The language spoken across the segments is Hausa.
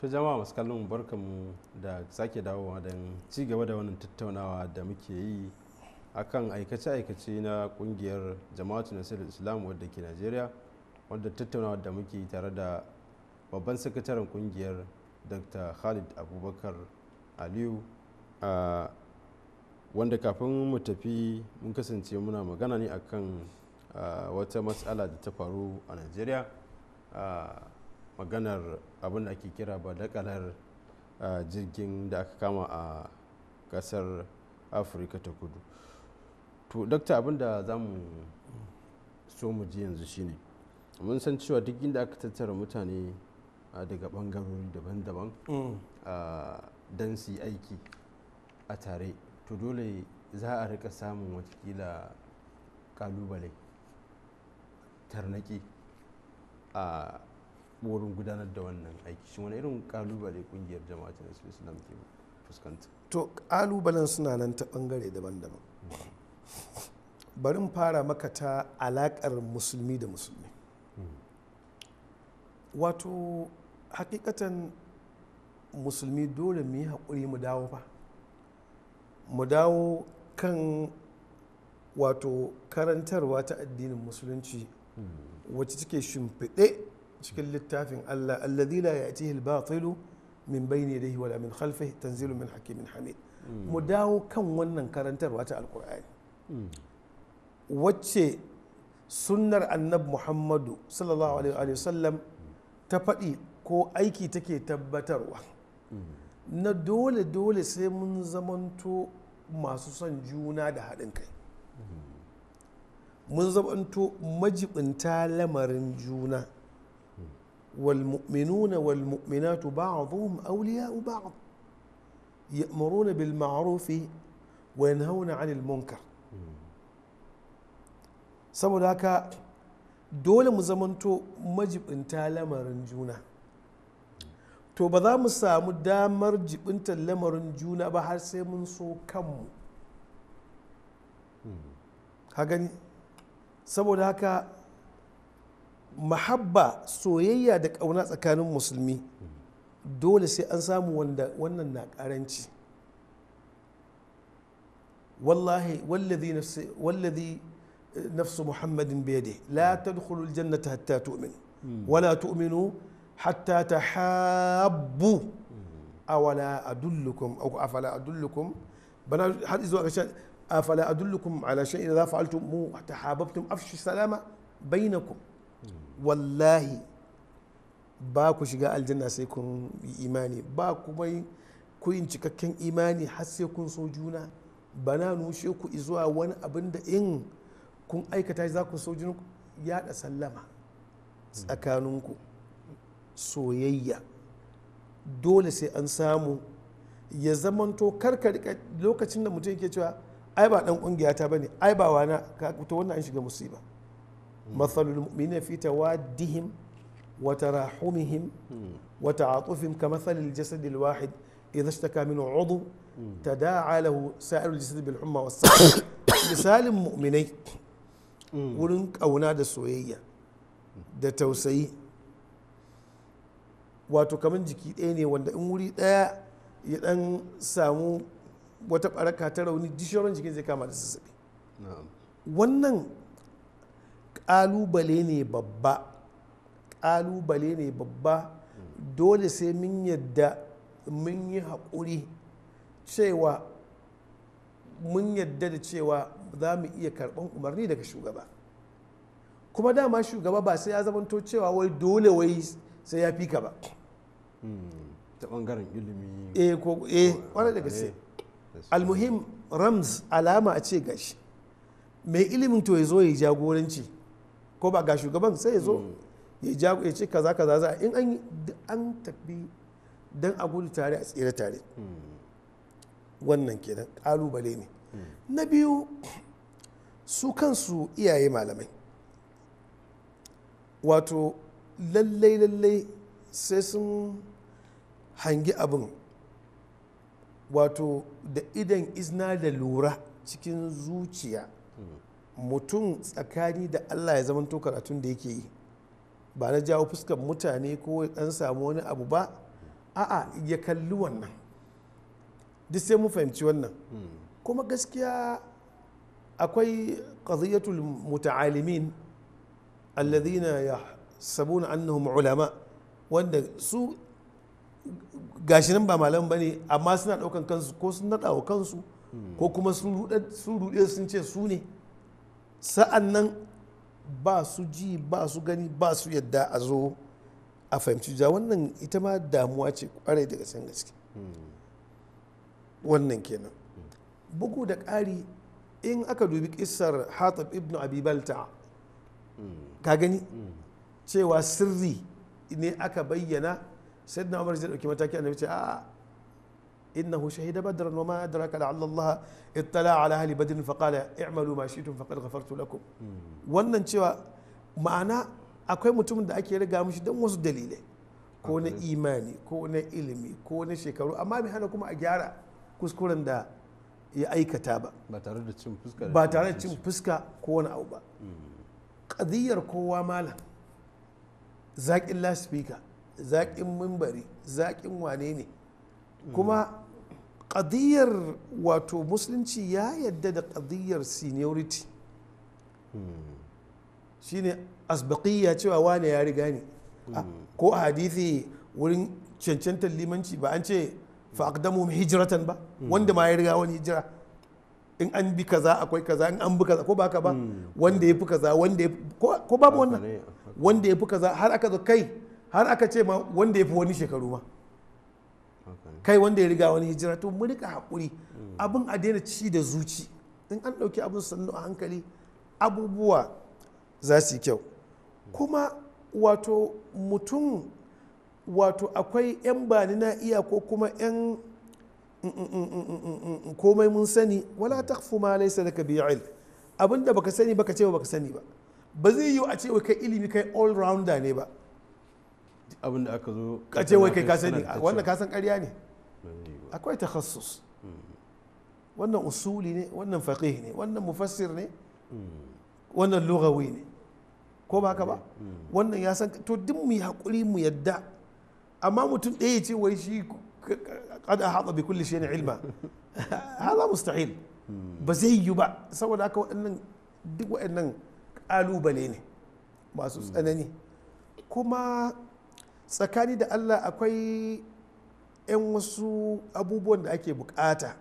to jama'a masu kallon barkanmu da sake dawowa don ci gaba da wannan tattaunawa da muke yi akan aikace-aikace na kungiyar jama'atu nasir islam wadda ke najeriya wadda tattaunawa da muke yi tare da babban sakataren kungiyar dr khalid abubakar aliyu wanda kafin mu tafi mun kasance muna magana ne akan wata matsala da ta faru a najeriya maganar abin da ake kira ba dakalar jirgin da aka kama a kasar afirka ta kudu to dokta abin da za mu so mu ji yanzu shine mun san cewa duk inda aka tattara mutane daga bangarori daban-daban mm. don su yi aiki a tare to dole za a rika samun watakila kalubale tarnaki a wurin gudanar da wannan aiki shi wani irin kalubale kungiyar jama'a ta nasu islam ke fuskanta to kalubalen suna nan ta bangare daban-daban hmm. barin fara maka ta alakar musulmi da musulmi hmm. wato hakikatan musulmi dole mu yi haƙuri mu dawo ba mu dawo kan wato karantarwa ta addinin musulunci hmm. wacce take shimfiɗe cikin littafin Allah alladhi la ya'tihi al-batilu min bayni yadayhi wala min khalfihi tanzilu min hakimin hamid hmm. mu dawo kan wannan karantarwa ta alqur'ani hmm. wacce sunnar annab muhammadu sallallahu alaihi sallam ta faɗi ko aiki take tabbatarwa hmm. na dole dole sai mun zamanto masu son juna da haɗin kai mun zamanto majibinta lamarin juna والمؤمنون والمؤمنات بعضهم أولياء بعض يأمرون بالمعروف وينهون عن المنكر سبب ذلك دولة مزمنتو مجب انتا لمرن جونا تو بدا مسا مدامر جب انتا لمرن جونا بحر سيمن سو كم هاگن سبب ذلك mahabba soyayya da ƙauna tsakanin musulmi dole sai an samu wanda wannan na ƙaranci wallahi wallazi eh, nafsu muhammadin biyade la tadkhulu aljannata hatta tu'min hmm. wala tu'minu hatta tahabbu awala adullukum aw afala adullukum bana har zuwa ga afala adullukum ala shay'in idza fa'altum tahabbtum afshu salama bainakum wallahi ba ku shiga aljanna sai kun yi imani ba kuma ku yi cikakken imani har sai kun so juna ba na nushe ku zuwa wani abin da in kun aikata za ku so juna Ya da sallama tsakaninku soyayya dole sai an samu ya zamanto karka rika lokacin da mutum yake cewa ai ba dan kungiya ta bane ai ba wana ka wannan an shiga musiba mathalul mu'mina fi tawaddihim wa tarahumihim wa ta'atufihim ka mathalil jasadil wahid idza ishtaka minhu 'udhu tada'a lahu sa'irul jasad bil humma was misalin mu'minai wurin kauna da soyayya da tausayi wato kamar jiki ɗaya ne wanda in wuri daya ya ɗan samu wata ɓaraka ta rauni dishiyar jikin zai kama da sassaɓi wannan kalubale ne babba kalubale ne babba dole sai mun yadda mun yi haƙuri cewa mun yadda da cewa za mu iya karɓan umarni daga shugaba kuma dama shugaba ba sai ya zamanto cewa wai dole wai sai ya fi ka ba hmm, ta ɓangaren ilimi eh ko eh wani daga sai eh, almuhim rams alama a ce gashi mai ilimin to ya zo ya jagoranci ko ba ga shugaban sai ya zo mm. ya jago ya ce kaza kaza za in an an tafi dan a gudu tare a tsira tare mm. wannan kenan kalubale ne mm. na biyu su kansu iyaye malamai wato lallai lallai sai sun hangi abin wato da idan izna da lura cikin zuciya mutum tsakani da allah ya zamanto karatun da yake yi ba na jawo fuskan mutane ko dan samu wani abu ba a'a ya kalli wannan duk sai mu fahimci wannan hmm. kuma gaskiya akwai qadiyatul muta'alimin alladhina yahsabuna annahum ulama wanda su gashi nan ba malam bane amma suna daukan kansu ko sun nada kansu hmm. ko kuma sun rude sun ce su ne sa'an nan ba su ji ba su gani ba su yadda a zo a fahimci ja wannan ita ma damuwa ce kwarai daga can gaske wannan kenan bugu da ƙari in aka dubi ƙisar hatab ibn abibalta ka gani cewa sirri ne aka bayyana sai na umar zai ɗauki mataki annabi ce a إنه شهد بدرا وما أدرك لعل الله اطلع على أهل بدر فقال اعملوا ما شئتم فقد غفرت لكم wannan cewa ma'ana akwai mutumin da ake riga mushi don wasu dalilai ko na imani ko na ilimi ko na shekaru amma bai hana kuma a gyara kuskuren da ya aikata ba ba tare da cin fuska ko wani abu ba ƙadiyar hmm. kowa malam zaƙin laspika zaƙin mimbari zaƙin wane ne kuma ƙadiyar wato musulunci ya yadda da ƙadiyar seniority shine asbaƙiyya cewa wane ya riga ne ah, ko a hadithi wurin cancantar limanci ba an ce fa'aqdamu hijratan ba wanda ma ya riga wani hijira in an bi kaza akwai kaza in an bi kaza ko ba ka ba wanda ya fi kaza wanda ya ko babu wannan wanda ya fi kaza har aka zo kai har aka ce ma wanda ya fi wani shekaru ma kai wanda ya riga wani hijira to mu rika haƙuri abin a daina ci da zuci in an ɗauki abin sannu a hankali abubuwa za su yi kyau kuma wato mutum wato akwai 'yan bani na iya ko kuma 'yan mm, mm, mm, komai mun sani wala takfu ma laisa daga bi ilm abinda baka sani baka ce ba baka sani ba ba zai yi a ce wai kai ilimi kai all rounder ne ba abinda aka zo ka ce wai kai ka sani wannan ka san ƙarya ne akwai takassus. Mm-hmm. wannan usuli ne wannan faqih ne wannan mufassir ne mm. wannan lugawi ne ko ba haka ba mm. wannan ya san to duk mu hakuri mu yadda amma mutum ɗaya ya ce wai shi qad ahata bi kulli shay'in ilma hala mustahil mm. ba zai yi ba saboda haka waɗannan duk waɗannan ƙalubale ne masu tsanani kuma tsakani da Allah akwai 'yan wasu abubuwan da ake bukata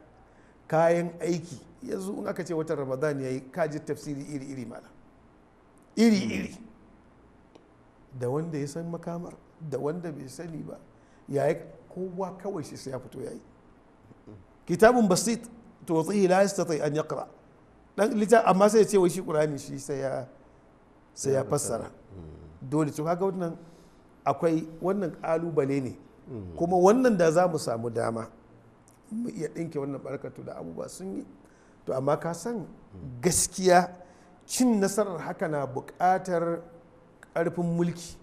kayan aiki yanzu in aka ce watan ramadan ya yi kaji tafsiri iri-iri mala iri-iri da wanda ya san makamar da wanda bai sani ba ya yi kowa kawai shi sai ya fito ya yi kitabun basit to tsayi la yastati an yaqra dan lita amma sai ya ce wai shi kurani shi sai ya sai ya fassara hmm. dole to kaga wannan akwai wannan kalubale ne kuma wannan da za mu samu dama mu iya ɗinke wannan barkatu da abubuwa sun yi to amma ka san gaskiya cin nasarar haka na buƙatar ƙarfin mulki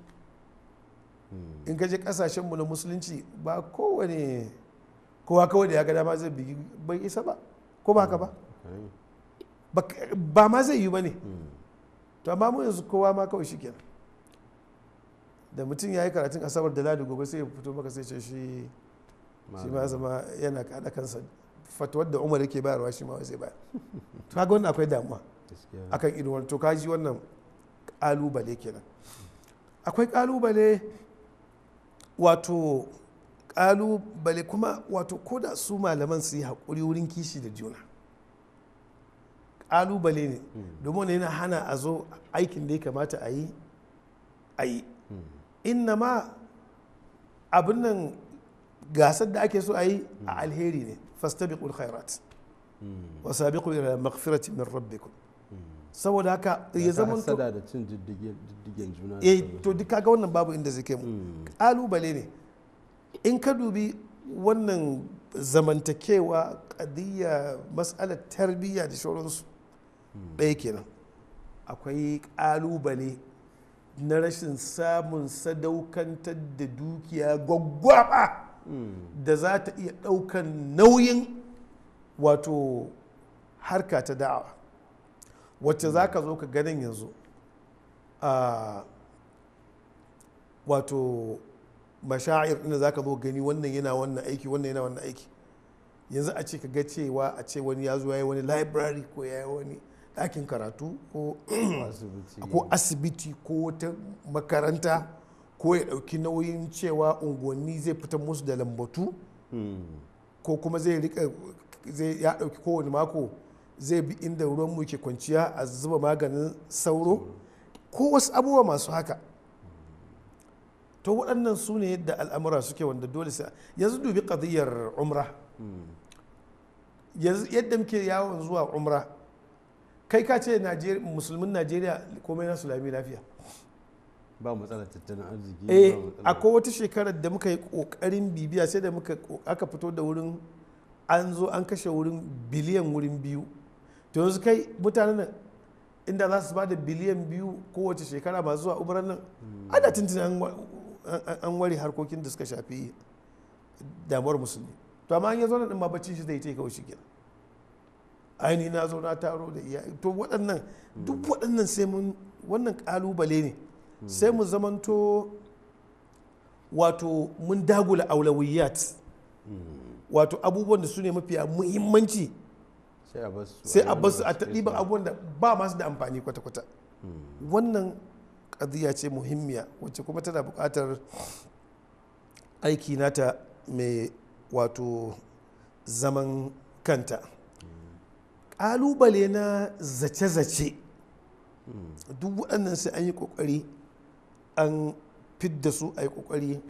in ka je ƙasashenmu na musulunci ba kowane kowa kawai da ya ga dama zai bigi bai isa ba ko ba haka ba mm. ba ma zai yi ba ne to amma mu yanzu kowa ma kawai shi kenan da mutum ya yi karatun asabar da ladi gobe sai ya fito maka sai ce shi shi ma zama yana kada kansa fatuwar da umar yake bayarwa shi ma sai bayar to kaga wannan akwai damuwa akan irin wannan to kaji wannan kalubale kenan akwai kalubale wato kalubale kuma wato ko da su malaman su yi haƙuri wurin kishi da juna kalubale ne hmm. domin yana hana a zo aikin da ya kamata a yi a yi innama abin nan gasar da ake so a yi a alheri ne fastabiqul khairat hmm. wa sabiqu ila maghfirati min rabbikum hmm. saboda haka ya zama to da cin diddigen juna eh to duk kaga wannan babu inda zai kai mu hmm. kalubale ne in ka dubi wannan zamantakewa kadiyya mas'alar tarbiyya da shauransu ɗaya kenan akwai kalubale na rashin samun sadaukantar da dukiya gwaggwaba da za ta iya ɗaukan nauyin wato harka ta da'awa wacce za ka zo ka ganin yanzu a wato masha'ir inda za ka zo gani wannan yana wannan aiki wannan yana wannan aiki yanzu a ce ka ga cewa a ce wani ya zo ya yi wani library ko ya yi wani ɗakin karatu ko asibiti ko wata makaranta ko ya ɗauki nauyin cewa unguwanni zai fita musu da lambatu hmm. ko kuma zai rika zai ya ɗauki kowane mako zai bi inda ruwanmu ke kwanciya a zuba maganin sauro ko wasu abubuwa masu haka to waɗannan su ne yadda al'amura suke wanda dole sai yanzu dubi ƙadiyyar umra hmm. yadda muke yawon zuwa umra kai ka ce musulmin najeriya komai nasu lami lafiya ba matsala tattalin arziki eh akwai wata shekarar da muka yi kokarin bibiya sai da muka aka fito da wurin an zo an kashe wurin biliyan wurin biyu to yanzu kai mutanen inda za su ba da biliyan biyu kowace shekara masu zuwa umarar nan hmm. ana tuntun an ware harkokin da suka shafi damuwar musulmi to amma an yi zo nan din ma bacci shi zai ce kawai shi kenan aini na zo na taro da iya to waɗannan duk waɗannan sai mun wannan ƙalubale ne sai mu zamanto wato mun dagula aulawiyat wato abubuwan da su ne mafiya muhimmanci sai a basu a taɗiban abubuwan da ba masu da amfani kwata-kwata wannan ƙadiyya ce muhimmiya wacce kuma tana buƙatar aiki nata mai wato zaman kanta ƙalubale na zace-zace duk waɗannan sai an yi ƙoƙari an fidda su a yi ƙoƙari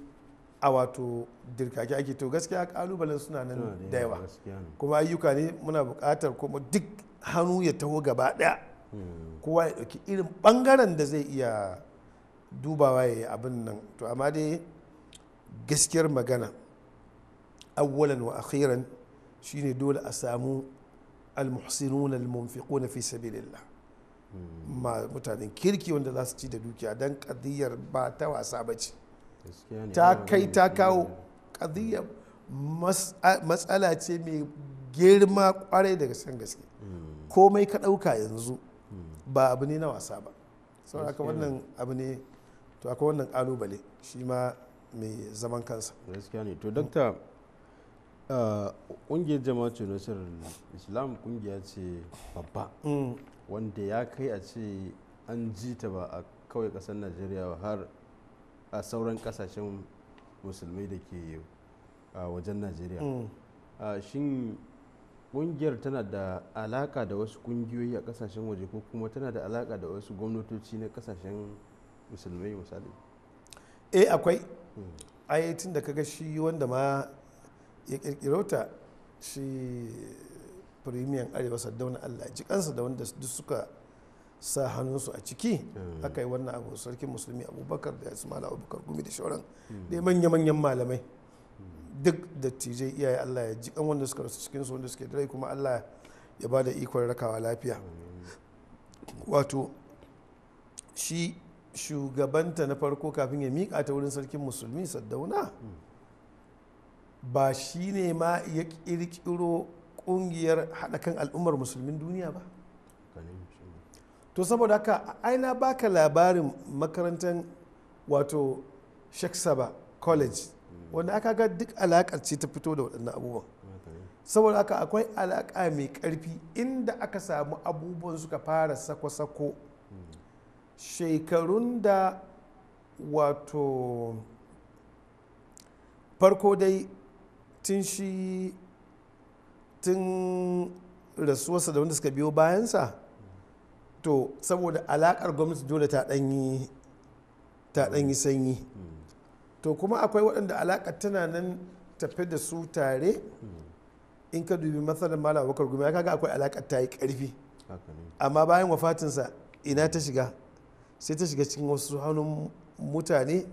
a wato dirkaki ake to gaskiya ƙalubalen suna nan da yawa kuma ayyuka ne muna buƙatar kuma duk hannu ya taho gaba ɗaya hmm. kowa ya ɗauki irin ɓangaren da zai iya dubawa ya yi abin nan to amma dai gaskiyar magana awwalan wa akhiran shine dole a samu almuhsinun almunfiquna fi sabilillah hmm. ma mutanen kirki wanda za su ci da dukiya dan kadiyar ba ta wasa ba ce ta kai ta kawo kadiyar matsala ce mai girma kwarai daga san gaske hmm. komai ka ɗauka yanzu hmm. ba abu ne na wasa ba saboda aka wannan abu ne to akwai wannan kalubale shi ma mai zaman kansa gaskiya ne to dakta Eh, ƙungiyar ce nasarar islam ƙungiya ce babba mm. wanda ya kai a ce an ji ta ba a kawai ƙasar najeriya har a sauran ƙasashen musulmai da ke wajen najeriya mm. shin ƙungiyar tana da alaƙa da wasu ƙungiyoyi a ƙasashen waje ko kuma tana da alaƙa da wasu gwamnatoci na ƙasashen musulmai misali eh akwai mm. ai tun da kaga shi wanda ma ya kirkiro ta shi firimiyan arewa sardauna allah ji kansa da wanda duk suka sa hannunsu a ciki eh. aka yi wannan abu sarkin musulmi abubakar da mala abubakar gumi da shauran hmm. da manya-manyan malamai hmm. duk da tijai iyaye allah ya ji kan wanda suka rasu cikinsu wanda suke da kuma allah ya ba da ikon rakawa lafiya hmm. wato shi shugabanta na farko kafin ya miƙa ta wurin sarkin musulmi sadauna ba shi ne ma ya kirkiro kungiyar haɗa kan al'ummar musulmin duniya ba to saboda haka aina baka labarin makarantar wato shaksaba college wanda aka ga duk alaƙar ce ta fito da waɗannan abubuwan saboda haka akwai alaƙa mai ƙarfi inda aka samu abubuwan suka fara sako-sako shekarun da wato farko dai tun shi tun rasuwarsa da wanda suka biyo bayansa to saboda alakar gwamnati dole ta ɗanyi yi sanyi to kuma akwai waɗanda alakar tana nan tafi da su tare in ka dubi matsalar mala abubakar gumi kaga akwai alaka ta yi ƙarfi amma bayan wafatinsa ina ta shiga sai ta shiga cikin wasu hannun mutane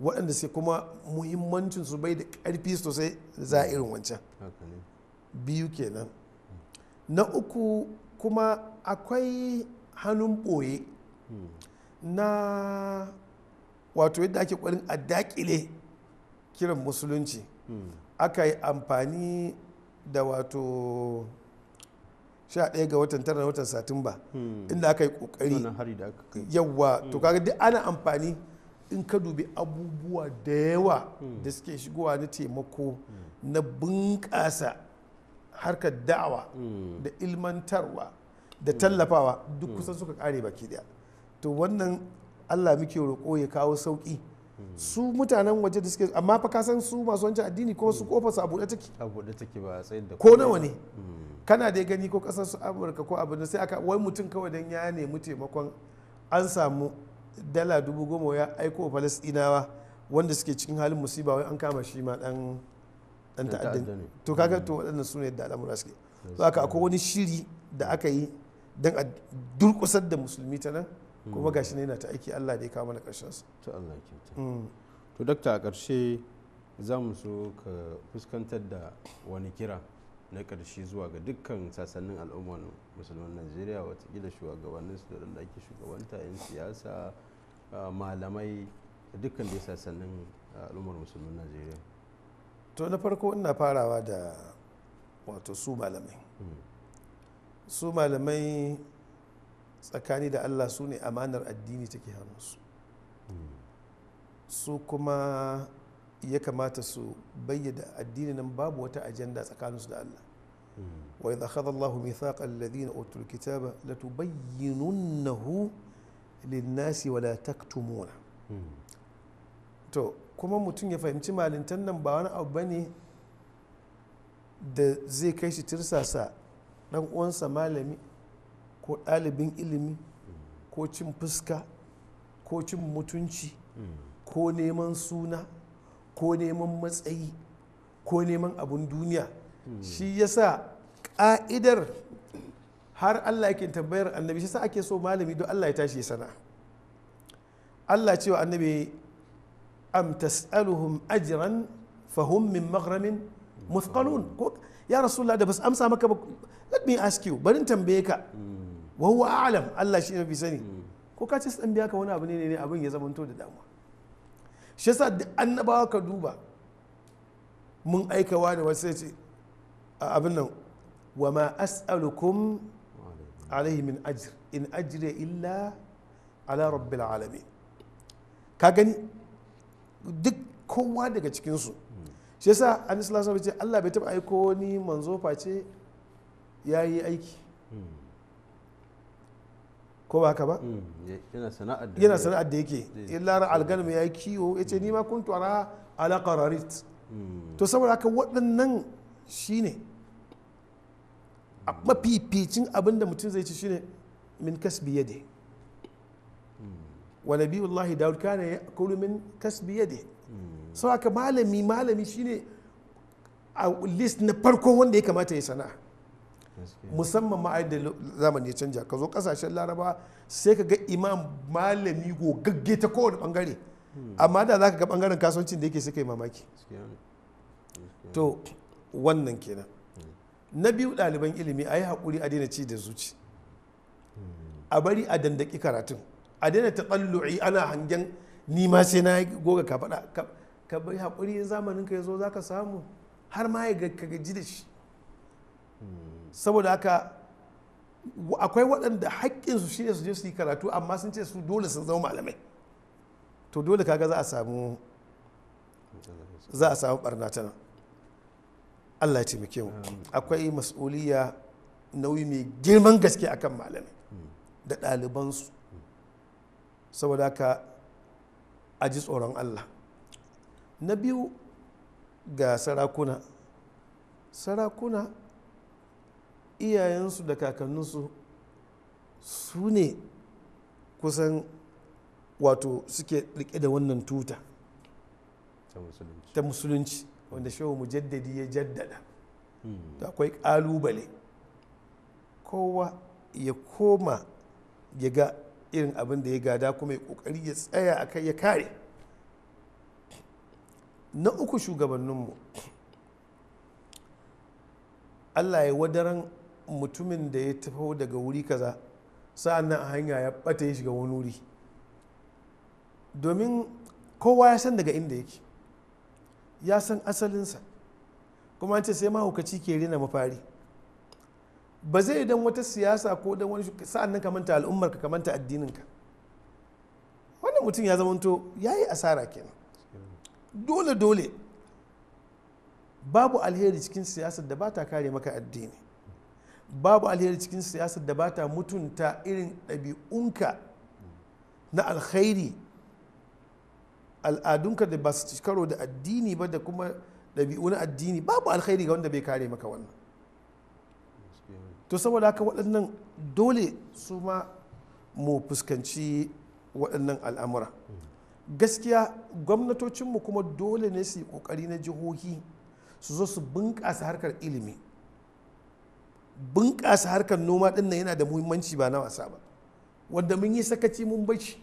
waɗanda sai kuma muhimmancin su bai da ƙarfi sosai za a irin wancan biyu kenan na uku kuma akwai hannun ɓoye hmm. na wato yadda ake ƙwarin a daƙile kiran musulunci hmm. aka yi amfani da wato 11 ga watan tara na watan satumba hmm. inda aka yi ƙoƙari yawwa to kaga duk ana amfani in ka dubi abubuwa da yawa da suke shigowa na taimako na bunƙasa harkar da'awa da ilmantarwa da tallafawa duk kusan suka kare baki daya to wannan allah muke roƙo ya kawo sauƙi su mutanen waje da suke amma fa ka san su masu wancan addini ko su kofa su a take take ba tsayin da ko nawa ne hmm. kana da gani ko ƙasar su amurka ko abin da sai aka wai mutum kawai dan ya nemi taimakon an samu dala dubu goma ya aiko wa falasɗinawa wanda suke cikin halin musiba wai an kama shi ma dan dan ta'adda to kaga mm. to waɗannan su ne da al'amura suke to haka akwai wani shiri da aka yi dan a durƙusar da musulmi ta nan mm. kuma gashi ne yana ta aiki Allah da ya kawo mana ƙarshen su to Allah kyauta mm. to dakta a ƙarshe za mu so ka fuskantar da wani kira na ƙarshe zuwa ga dukkan sassanin al'ummar musulman najeriya watakila shugabanninsu da ake shugabanta 'yan siyasa Uh, malamai da dukkan da sassanin uh, al'ummar musulmin najeriya to na farko ina farawa da wato su malamai hmm. su malamai tsakani da allah su ne amanar addini take hannunsu hmm. su kuma ya kamata su bayyana addini nan babu wata ajanda tsakaninsu da allah hmm. wa idha khadha allahu mithaqa alladhina utul kitaba latubayyinunnahu linnasi wala taktumuna hmm. to kuma mutum ya fahimci malintan nan ba wani abu bane da zai kai shi tirsasa dan uwansa malami ko ɗalibin ilimi hmm. ko cin fuska ko cin mutunci hmm. ko neman suna ko neman matsayi ko neman abun duniya shi yasa ƙa'idar har Allah yake tambayar annabi shi sa ake so malami don Allah ya tashi sana Allah cewa annabi am tas'aluhum ajran fahum min maghramin muthqalun ya rasulullah da bas amsa maka ba let me ask you barin tambaye ka hmm. wa huwa a'lam Allah shi mafi sani hmm. ko ka ce san biya ka wani abu ne ne abin ya zamanto da damuwa shi yasa da annabawa ka duba mun aikawa da wasu ce abin nan wa ma as'alukum alaihi min ajr in ajriya illa ala rabbil alamin ka gani duk kowa daga cikinsu shi yasa an islam sun ce allah bai taba aiko ni manzo face ya yi aiki ko ba ka ba hmm, yana sana'ar da yake lara alganmu ya kiwo ya ce nima kuntu ara ala qararit hmm. to saboda haka waɗannan shine a mafificin abinda mutum zai ci shine min kasbi yade wa nabiyullahi daud kana ya kulu min kasbi yade sau aka malami malami shine a list na farko wanda ya kamata ya sana musamman ma da zamani ya canja ka zo kasashen laraba sai ka ga imam malami gogagge ta kowane bangare hmm. amma da za ka ga bangaren kasuwancin da yake suka yi mamaki to wannan kenan na biyu ɗaliban ilimi a yi haƙuri a daina ci da zuci a bari a dandaki karatun a daina taɓallu'i ana hangen nima sai na goga ka faɗa ka bai haƙuri zamanin ka ya zo za ka samu har ma ya gaji da shi saboda haka akwai waɗanda haƙƙinsu shi ne su je su yi karatu amma sun ce su dole sun zama malamai to dole kaga za a samu za a samu ɓarna ta nan Allah ya taimake mu akwai mas'uliya nauyi mai girman gaske akan malamai da ɗalibansu saboda haka a ji tsoron Allah na biyu ga sarakuna sarakuna iyayensu da kakanninsu su ne kusan wato suke rike da wannan tuta ta musulunci wanda shehu mujaddadi ya jaddada hmm. akwai kalubale kowa ya koma ya ga irin abin da ya gada kuma ya kokari ya tsaya a kai ya kare na uku shugabanninmu allah ya wadaran mutumin da ya tafi daga wuri kaza sa'an nan a hanya ya bata ya shiga wani wuri domin kowa ya san daga inda yake ya san asalinsa kuma an ce sai mahaukaci ke rina mafari ba zai dan wata siyasa ko don wani sa'an nan kamanta al'ummar ka kamanta addininka? wannan mutum ya zamanto ya yi asara kenan dole dole babu alheri cikin siyasar da ba ta kare maka addini babu alheri cikin siyasar da ba ta mutunta irin ɗabi'unka na alkhairi al'adunka da ba su karo da addini ba da kuma ɗabi'u na addini babu alkhairi ga wanda bai kare maka wannan to saboda haka waɗannan dole su ma mu fuskanci waɗannan al'amura gaskiya gwamnatocinmu kuma dole ne su yi ƙoƙari na jihohi su zo su bunƙasa harkar ilimi bunƙasa harkar noma ɗin yana da muhimmanci ba na wasa ba wanda mun yi sakaci mun bashi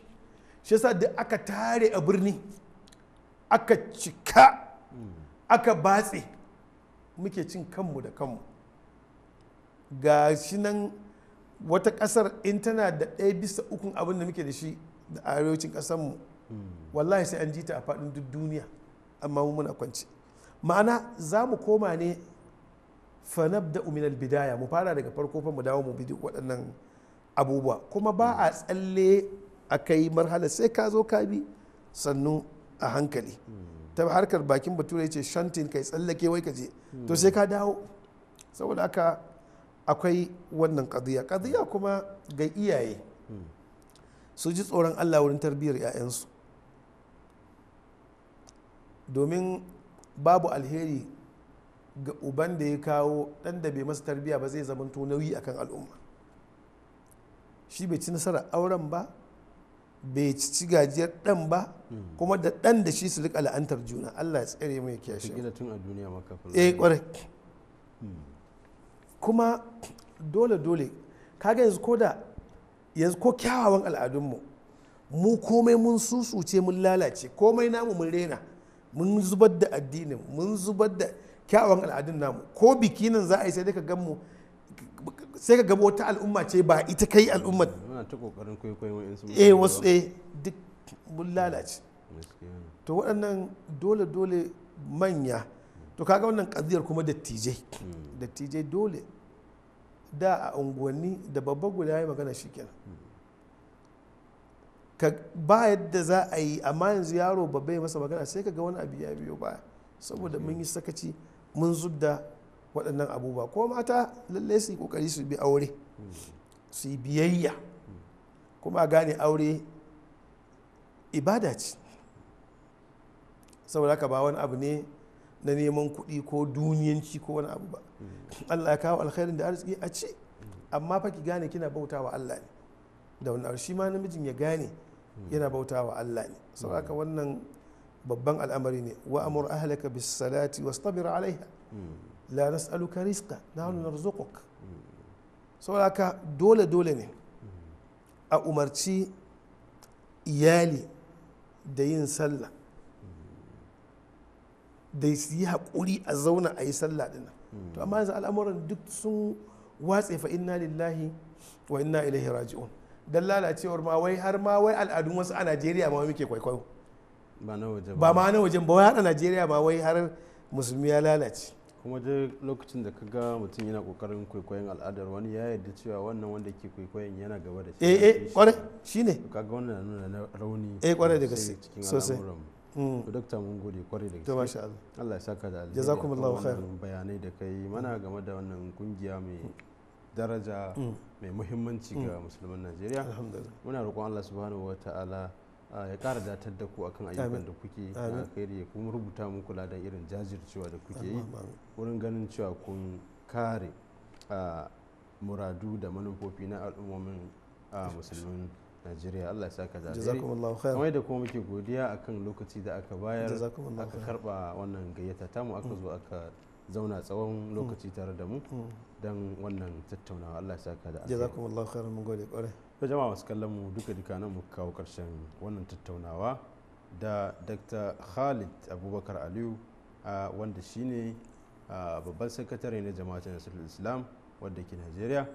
shi yasa da aka tare a birni aka cika aka batse muke cin kanmu da kanmu ga shi nan wata kasar in tana da ɗaya bisa ukun abin da muke da shi da arewacin ƙasarmu wallahi sai an ji ta a faɗin duk duniya amma mu muna kwanci ma'ana za mu koma ne fanab da uminal bidaya mu fara daga farko fa mu dawo mu bi waɗannan abubuwa kuma ba a tsalle aka yi marhala sai ka zo ka bi sannu a hankali ta harkar bakin bature ce shantin kai tsallake wai ka je to sai ka dawo saboda aka akwai wannan kadiya kadiya kuma ga iyaye su ji tsoron allah wurin tarbiyyar 'ya'yansu domin babu alheri ga uban da ya kawo dan da bai masa tarbiyya ba zai zama nauyi akan al'umma shi bai ci nasara auren ba bai ci gajiyar dan ba hmm. kuma da dan da shi su rika la'antar juna Allah ya tsare mai kyashi tun a duniya maka kwarai eh, hmm. kuma dole dole kaga yanzu ko yanzu ko kyawawan al'adunmu mu komai mun susuce mun lalace komai namu mun rena mun zubar da addinin mun zubar da kyawawan al'adun namu ko bikinin za a yi sai ka gan sai ka wata al'umma ce ba ita kai al'ummar muna ta kokarin kwaikwayon eh wasu eh duk mun lalace to waɗannan dole dole manya to kaga wannan ƙaziyar kuma dattijai hmm. dattijai dole da a unguwanni da babba guda ya magana shi kenan hmm. ka ba yadda za a yi amma yanzu yaro babba ya masa magana sai ka ga wani abu ya biyo ba saboda mun yi hmm. sakaci mun zubda waɗannan abubuwa ko mata lallai su yi ƙoƙari su bi aure su yi biyayya kuma gane aure ibada ce saboda ka ba wani abu ne na neman kuɗi ko duniyanci ko wani abu ba Allah ya kawo alkhairin da arziki a ce amma fa ki gane kina bauta wa Allah ne da wani shi ma namijin ya gane yana bauta wa Allah ne saboda wannan babban al'amari ne wa amur ahlaka bis salati wastabir alaiha la nas'aluka rizqa nahnu narzuquk saboda dole dole ne a umarci iyali da yin sallah da su yi haƙuri a zauna a yi sallah ɗin to amma yanzu al'amuran duk sun watse fa inna lillahi wa inna ilaihi raji'un dan lalacewar ma wai har ma wai al'adun wasu a Najeriya ma muke kwaikwayo ba ma na wajen ba wai har a Najeriya ma wai har musulmi ya lalace kuma duk lokacin da ka ga mutum yana kokarin kwaikwayon al'adar wani ya yarda cewa wannan wanda ke kwaikwayon yana gaba da shi eh eh kwarai shine kaga wannan nuna na rauni eh kwarai da gaske sosai mm. to dokta mun gode kwarai da gaske masha Allah Allah ya saka da alheri jazakumullahu khair bayanai da kai mana game da wannan kungiya mai mm. daraja mm. mai muhimmanci ga musulman Najeriya alhamdulillah muna roƙon Allah subhanahu wataala ya kara datar da ku akan ayyukan da kuke na alkhairi ya kuma rubuta mun kula da irin jajircewa da kuke yi wurin ganin cewa kun kare muradu da manufofi na al'ummomin musulmin najeriya allah ya saka zaɓe kamar da kuma muke godiya akan lokaci da aka bayar aka karba wannan gayyata tamu aka mm. zo aka zauna tsawon mm. lokaci tare da mu mm. don wannan tattaunawa allah ya saka da jazakumullahu khairan mun gode kwarai ta jama'a masu kallon mu duka duka nan muka kawo karshen wannan tattaunawa da dr khalid abubakar aliyu wanda shine babban sakatare na jama'a nasarar islam wadda ke nigeria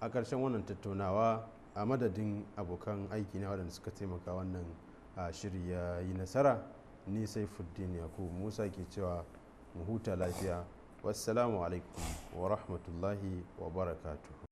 a karshen wannan tattaunawa a madadin abokan aiki na wadanda suka taimaka wannan shirya ya yi nasara ni sai fuddin ku musa ke cewa mu huta lafiya wassalamu alaikum wa rahmatullahi wa barakatuhu